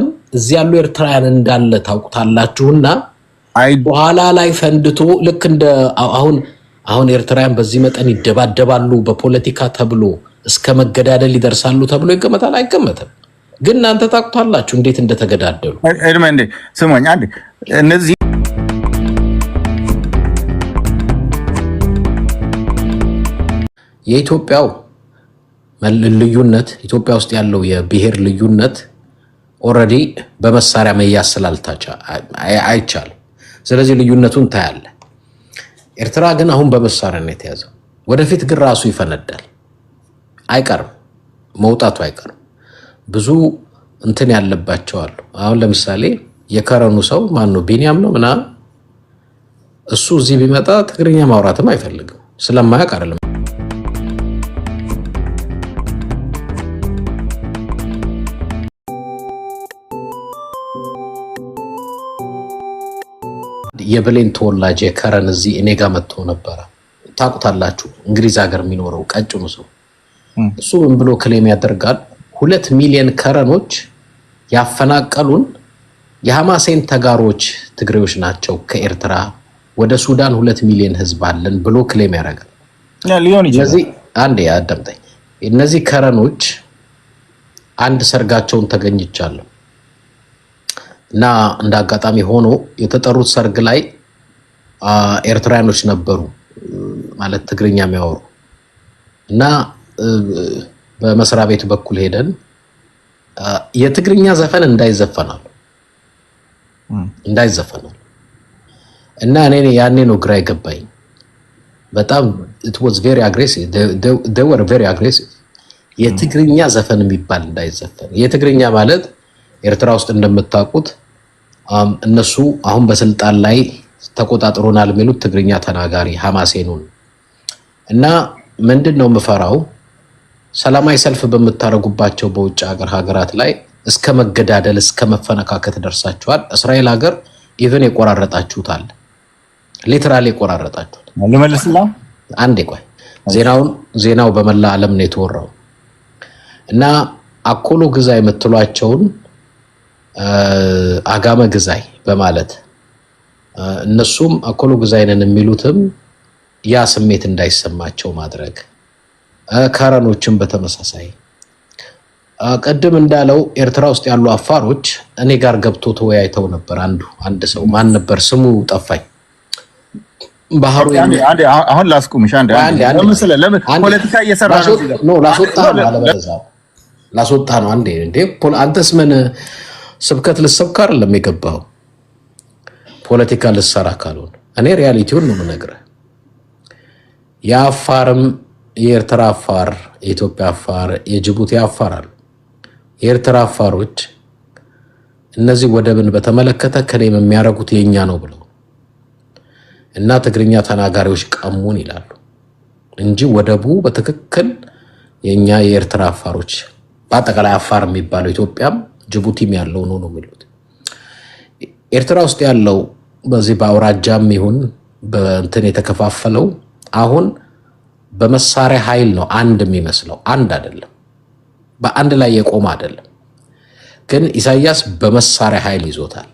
አላውቅም። እዚህ ያሉ ኤርትራውያን እንዳለ ታውቁታላችሁና በኋላ ላይ ፈንድቶ ልክ እንደ አሁን አሁን ኤርትራውያን በዚህ መጠን ይደባደባሉ በፖለቲካ ተብሎ እስከ መገዳደል ይደርሳሉ ተብሎ ይገመታል? አይገመትም። ግን እናንተ ታውቁታላችሁ እንዴት እንደተገዳደሉ። ስሞኝ አንዴ እነዚህ የኢትዮጵያው ልዩነት ኢትዮጵያ ውስጥ ያለው የብሔር ልዩነት ኦልሬዲ በመሳሪያ መያዝ ስላልታቻ አይቻልም። ስለዚህ ልዩነቱን ታያለ። ኤርትራ ግን አሁን በመሳሪያ ነው የተያዘው። ወደፊት ግን ራሱ ይፈነዳል፣ አይቀርም፣ መውጣቱ አይቀርም። ብዙ እንትን ያለባቸው አሉ። አሁን ለምሳሌ የከረኑ ሰው ማን ነው? ቢኒያም ነው ምናምን። እሱ እዚህ ቢመጣ ትግርኛ ማውራትም አይፈልግም ስለማያውቅ አይደለም። የብሌን ተወላጅ የከረን እዚህ እኔ ጋር መጥቶ ነበረ። ታውቁታላችሁ፣ እንግሊዝ ሀገር የሚኖረው ቀጭኑ ሰው እሱ ምን ብሎ ክሌም ያደርጋል? ሁለት ሚሊዮን ከረኖች ያፈናቀሉን የሐማሴን ተጋሮች ትግሬዎች ናቸው ከኤርትራ ወደ ሱዳን ሁለት ሚሊዮን ህዝብ አለን ብሎ ክሌም ያደርጋል። እነዚህ አንድ አዳምጠኝ። እነዚህ ከረኖች አንድ ሰርጋቸውን ተገኝቻለሁ እና እንደ አጋጣሚ ሆኖ የተጠሩት ሰርግ ላይ ኤርትራያኖች ነበሩ፣ ማለት ትግርኛ የሚያወሩ እና በመስሪያ ቤቱ በኩል ሄደን የትግርኛ ዘፈን እንዳይዘፈናል እንዳይዘፈናል እና እኔ ያኔ ነው ግራ የገባኝ። በጣም ኢት ዋዝ ቬሪ አግሬሲቭ ወር ቬሪ አግሬሲቭ። የትግርኛ ዘፈን የሚባል እንዳይዘፈን የትግርኛ ማለት ኤርትራ ውስጥ እንደምታውቁት እነሱ አሁን በስልጣን ላይ ተቆጣጥሮናል የሚሉት ትግርኛ ተናጋሪ ሀማሴኑን እና ምንድን ነው የምፈራው ሰላማዊ ሰልፍ በምታደርጉባቸው በውጭ ሀገር ሀገራት ላይ እስከ መገዳደል እስከ መፈነካከት ደርሳችኋል። እስራኤል ሀገር ኢቨን የቆራረጣችሁታል፣ ሌትራል የቆራረጣችሁት። ልመልስላ አንዴ ቆይ፣ ዜናውን ዜናው በመላ ዓለም ነው የተወራው እና አኮሎ ግዛ የምትሏቸውን አጋመ ግዛይ በማለት እነሱም አኮሎ ግዛይንን የሚሉትም ያ ስሜት እንዳይሰማቸው ማድረግ ከረኖችን በተመሳሳይ ቅድም እንዳለው ኤርትራ ውስጥ ያሉ አፋሮች እኔ ጋር ገብቶ ተወያይተው ነበር። አንዱ አንድ ሰው ማን ነበር ስሙ ጠፋኝ። ባህሩ አሁን ላስቁምሽ። ፖለቲካ እየሰራ ነው። ላስወጣ ነው። ላስወጣ ነው። አንዴ እንዴ አንተስ ምን ስብከት ልሰብክ አይደለም የገባው ፖለቲካ ልሰራ ካልሆን እኔ ሪያሊቲውን ነው የምነግርህ። የአፋርም የኤርትራ አፋር፣ የኢትዮጵያ አፋር፣ የጅቡቲ አፋር አሉ። የኤርትራ አፋሮች እነዚህ ወደብን በተመለከተ ከኔም የሚያደርጉት የእኛ ነው ብለው እና ትግርኛ ተናጋሪዎች ቀሙን ይላሉ እንጂ ወደቡ በትክክል የእኛ የኤርትራ አፋሮች፣ በአጠቃላይ አፋር የሚባለው ኢትዮጵያም ጅቡቲም ያለው ነው ነው የሚሉት። ኤርትራ ውስጥ ያለው በዚህ በአውራጃም ይሁን በእንትን የተከፋፈለው አሁን በመሳሪያ ኃይል ነው አንድ የሚመስለው። አንድ አይደለም፣ በአንድ ላይ የቆመ አይደለም። ግን ኢሳያስ በመሳሪያ ኃይል ይዞታል።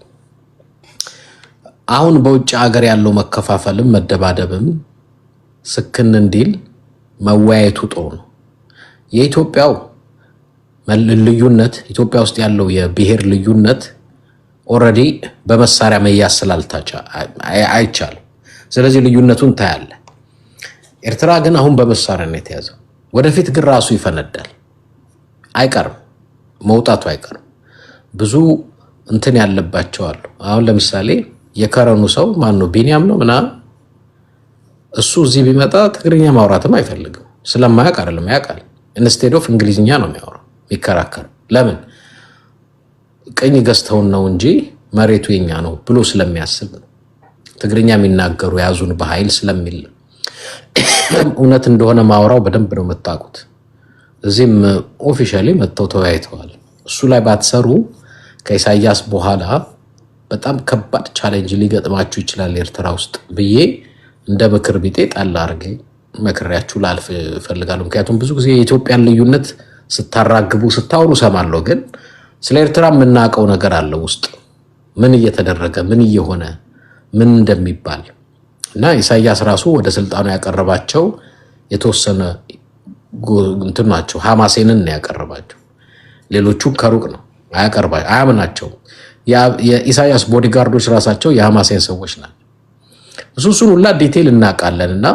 አሁን በውጭ ሀገር ያለው መከፋፈልም መደባደብም ስክን እንዲል መወያየቱ ጥሩ ነው። የኢትዮጵያው ልዩነት ኢትዮጵያ ውስጥ ያለው የብሔር ልዩነት ኦልሬዲ በመሳሪያ መያዝ ስላልታቻ አይቻልም። ስለዚህ ልዩነቱን ታያለ። ኤርትራ ግን አሁን በመሳሪያ ነው የተያዘው። ወደፊት ግን ራሱ ይፈነዳል፣ አይቀርም፣ መውጣቱ አይቀርም። ብዙ እንትን ያለባቸው አሉ። አሁን ለምሳሌ የከረኑ ሰው ማን ነው? ቢኒያም ነው ምናምን። እሱ እዚህ ቢመጣ ትግርኛ ማውራትም አይፈልግም። ስለማያውቅ አይደለም፣ ያውቃል። ኢንስቴድ ኦፍ እንግሊዝኛ ነው የሚያወራው የሚከራከር ለምን ቅኝ ገዝተውን ነው እንጂ መሬቱ የኛ ነው ብሎ ስለሚያስብ ነው። ትግርኛ የሚናገሩ የያዙን በኃይል ስለሚል እውነት እንደሆነ ማውራው በደንብ ነው የምታውቁት። እዚህም ኦፊሻሊ መጥተው ተወያይተዋል። እሱ ላይ ባትሰሩ ከኢሳያስ በኋላ በጣም ከባድ ቻሌንጅ ሊገጥማችሁ ይችላል ኤርትራ ውስጥ ብዬ እንደ ምክር ቢጤ ጣል አድርጌ መክሪያችሁ ላልፍ እፈልጋለሁ። ምክንያቱም ብዙ ጊዜ የኢትዮጵያን ልዩነት ስታራግቡ ስታወሩ ሰማለሁ። ግን ስለ ኤርትራ የምናውቀው ነገር አለ ውስጥ ምን እየተደረገ ምን እየሆነ ምን እንደሚባል እና ኢሳያስ ራሱ ወደ ስልጣኑ ያቀረባቸው የተወሰነ እንትን ናቸው። ሐማሴንን ያቀረባቸው ሌሎቹ ከሩቅ ነው አያቀርባ አያምናቸው። የኢሳያስ ቦዲጋርዶች ራሳቸው የሀማሴን ሰዎች ናቸው። እሱ እሱን ሁላ ዲቴይል እናውቃለን እና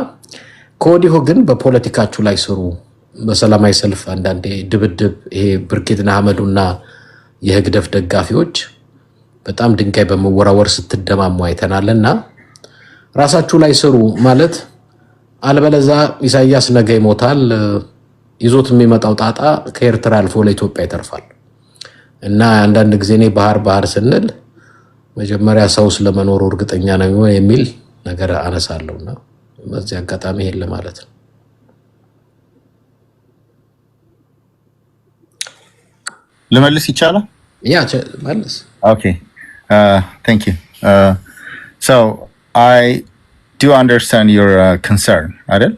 ከወዲሁ ግን በፖለቲካችሁ ላይ ስሩ በሰላማዊ ሰልፍ አንዳንዴ ድብድብ ይሄ ብርጌድና አህመዱና የህግደፍ ደጋፊዎች በጣም ድንጋይ በመወራወር ስትደማሙ አይተናልና ራሳችሁ ላይ ስሩ ማለት አልበለዛ ኢሳያስ ነገ ይሞታል። ይዞት የሚመጣው ጣጣ ከኤርትራ አልፎ ለኢትዮጵያ ይተርፋል። እና አንዳንድ ጊዜ እኔ ባህር ባህር ስንል መጀመሪያ ሰው ስለመኖሩ እርግጠኛ ነው የሚል ነገር አነሳለሁና በዚህ አጋጣሚ ይሄን ለማለት ነው። ልመልስ ይቻላል? ያ መልስ። ኦኬ ዩ ሶ አይ ዱ አንደርስታንድ ዩር ኮንሰርን አይደል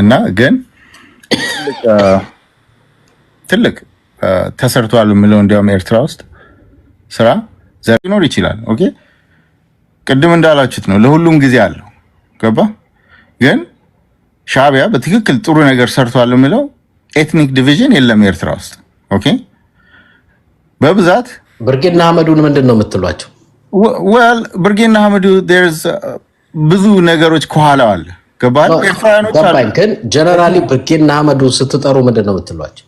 እና ግን ትልቅ ተሰርቷል የምለው እንዲያውም ኤርትራ ውስጥ ስራ ዘር ሊኖር ይችላል። ኦኬ ቅድም እንዳላችሁት ነው፣ ለሁሉም ጊዜ አለው። ገባ ግን ሻቢያ በትክክል ጥሩ ነገር ሰርቷል የምለው ኤትኒክ ዲቪዥን የለም ኤርትራ ውስጥ ኦኬ በብዛት ብርጌና አህመዱን ምንድን ነው የምትሏቸው? ወል ብርጌና አህመዱ uh, ብዙ ነገሮች ከኋላ አለ። ገባኝ። ግን ጀነራሊ ብርጌና አህመዱ ስትጠሩ ምንድን ነው የምትሏቸው?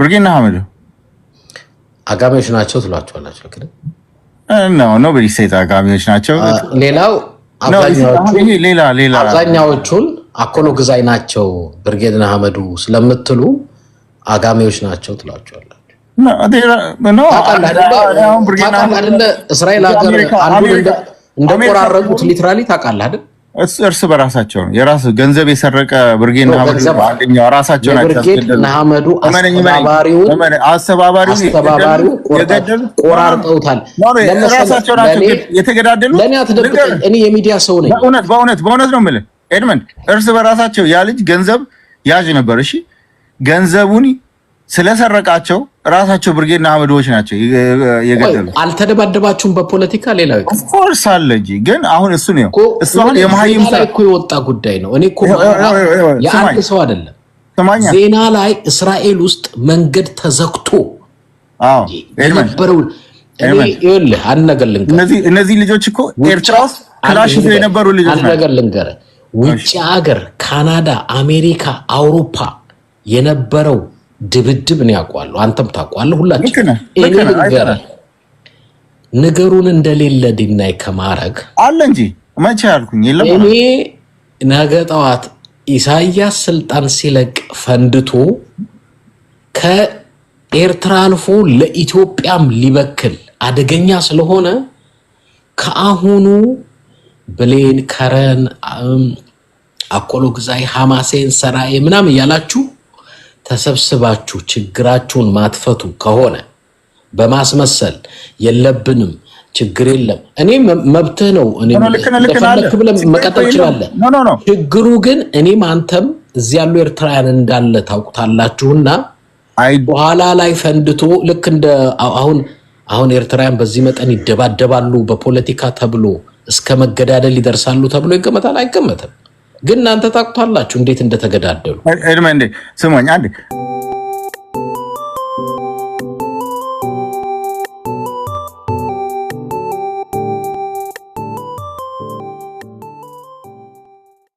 ብርጌና አህመዱ አጋሚዎች ናቸው ትሏቸዋላቸው። ነው ኖበዲ ሴት አጋሚዎች ናቸው። uh, ሌላው አብዛኛዎቹን አኮኖ ግዛይ ናቸው ብርጌድና አህመዱ ስለምትሉ አጋሚዎች ናቸው ትሏቸዋል። እስራኤል ሊትራሊ ታውቃለህ አይደል? እርስ በራሳቸው የራስ ገንዘብ የሰረቀ ራሳቸው ቆራርጠውታል። ራሳቸው ናቸው የተገዳደሉ። እኔ የሚዲያ ሰው ነኝ። በእውነት በእውነት በእውነት ነው የምልህ ኤድመንድ። እርስ በራሳቸው ያ ልጅ ገንዘብ ያዥ ነበር። እሺ ገንዘቡን ስለሰረቃቸው ራሳቸው ብርጌና አመዶዎች ናቸው የገደሉ። አልተደባደባችሁም በፖለቲካ ሌላ ኮርስ አለ እንጂ ግን አሁን እሱ ነው እሱ አሁን የመሀይም እኮ የወጣ ጉዳይ ነው። እኔ የአንድ ሰው አይደለም። ዜና ላይ እስራኤል ውስጥ መንገድ ተዘግቶ የነበረው ይኸውልህ፣ አንድ ነገር ልንገርህ፣ እነዚህ ልጆች እኮ ኤርትራ ውስጥ ክላሽ የነበሩ ልጆች ናቸው። አንድ ነገር ልንገርህ፣ ውጭ ሀገር ካናዳ፣ አሜሪካ፣ አውሮፓ የነበረው ድብድብ ነው ያውቋለሁ። አንተም ታውቋለህ፣ ሁላችን እኔ ነገሩን እንደሌለ ዲናይ ከማረግ አለ እንጂ መቼ አልኩኝ። እኔ ነገ ጠዋት ኢሳያስ ስልጣን ሲለቅ ፈንድቶ ከኤርትራ አልፎ ለኢትዮጵያም ሊበክል አደገኛ ስለሆነ ከአሁኑ ብሌን ከረን አኮሎ ግዛይ ሐማሴን ሰራዬ ምናምን እያላችሁ ተሰብስባችሁ ችግራችሁን ማትፈቱ ከሆነ በማስመሰል የለብንም ችግር የለም፣ እኔ መብትህ ነው እንደፈለክ ብለህ መቀጠል ይችላለህ። ችግሩ ግን እኔም አንተም እዚህ ያሉ ኤርትራውያን እንዳለ ታውቁታላችሁና በኋላ ላይ ፈንድቶ ልክ እንደ አሁን አሁን ኤርትራውያን በዚህ መጠን ይደባደባሉ በፖለቲካ ተብሎ እስከ መገዳደል ይደርሳሉ ተብሎ ይገመታል? አይገመትም። ግን እናንተ ታቁታላችሁ እንዴት እንደተገዳደሉ። ስሞኝ አንዴ